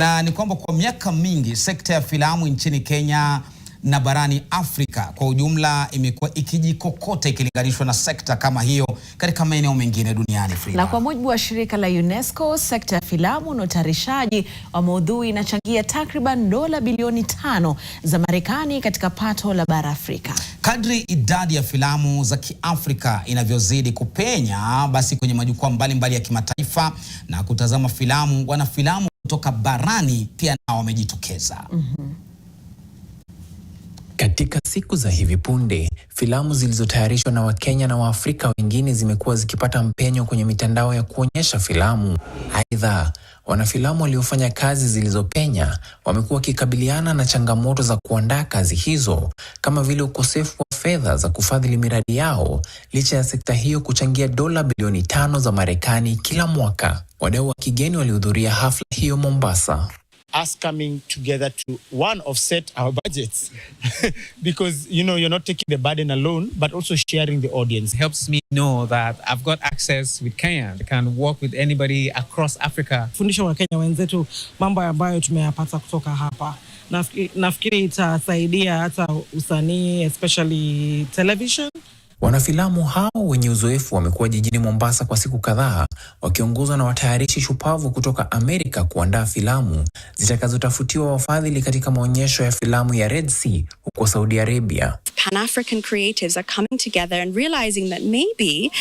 na ni kwamba kwa miaka mingi sekta ya filamu nchini Kenya na barani Afrika kwa ujumla imekuwa ikijikokota ikilinganishwa na sekta kama hiyo katika maeneo mengine duniani. Frida, na kwa mujibu wa shirika la UNESCO, sekta ya filamu na utayarishaji wa maudhui inachangia takriban dola bilioni tano za Marekani katika pato la bara Afrika. Kadri idadi ya filamu za Kiafrika inavyozidi kupenya basi kwenye majukwaa mbalimbali ya kimataifa na kutazama filamu, wana filamu kutoka barani pia nao wamejitokeza. mm -hmm. Katika siku za hivi punde, filamu zilizotayarishwa na Wakenya na Waafrika wengine zimekuwa zikipata mpenyo kwenye mitandao ya kuonyesha filamu. Aidha, wanafilamu waliofanya kazi zilizopenya wamekuwa wakikabiliana na changamoto za kuandaa kazi hizo kama vile ukosefu wa fedha za kufadhili miradi yao licha ya sekta hiyo kuchangia dola bilioni tano za Marekani kila mwaka. Wadau wa kigeni walihudhuria hafla hiyo Mombasa us coming together to one offset our budgets because you know you're not taking the burden alone but also sharing the audience helps me know that I've got access with Kenya I can work with anybody across Africa fundisha wa Kenya wenzetu mambo ambayo tumeyapata kutoka hapa nafikiri itasaidia hata usanii especially television Wanafilamu hao wenye uzoefu wamekuwa jijini Mombasa kwa siku kadhaa wakiongozwa na watayarishi shupavu kutoka Amerika kuandaa filamu zitakazotafutiwa wafadhili katika maonyesho ya filamu ya Red Sea huko Saudi Arabia. Pan-African creatives are coming together and realizing that maybe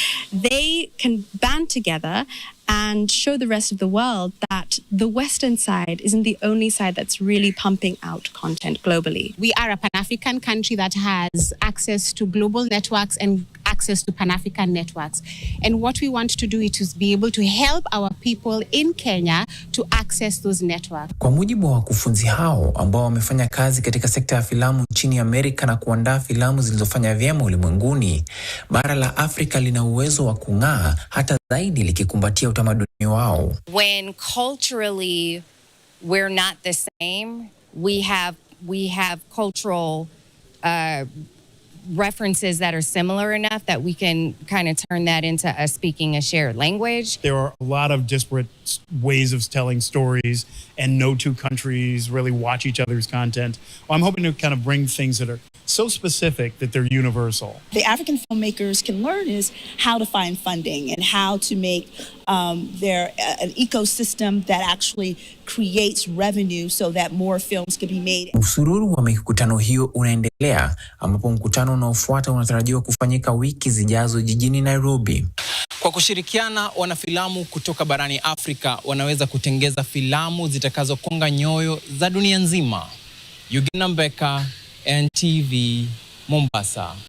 they can band together and show the rest of the world that the Western side isn't the only side that's really pumping out content globally. We are a Pan African country that has access to global networks and access to Pan African networks. And what we want to do is be able to help our people in Kenya to access those networks. Kwa mujibu wa wakufunzi hao ambao wamefanya kazi katika sekta ya filamu nchini Amerika na kuandaa filamu zilizofanya vyema ulimwenguni, bara la Afrika lina uwezo wa kung'aa hata zaidi likikumbatia utamaduni wao. When culturally we're not the same, we have, we have cultural uh, references that are similar enough that we can kind of turn that into us speaking a shared language. There are a lot of disparate ways of telling stories, and no two countries really watch each other's content. I'm hoping to kind of bring things that are so specific that they're universal. The African filmmakers can learn is how to find funding and how to make um, their uh, an ecosystem that actually creates revenue so that more films can be made. Usururu wa mikutano hiyo unaendelea ambapo mkutano unaofuata unatarajiwa kufanyika wiki zijazo jijini Nairobi. Kwa kushirikiana, wanafilamu kutoka barani Afrika wanaweza kutengeza filamu zitakazokonga nyoyo za dunia nzima. Yugina Mbeka NTV Mombasa.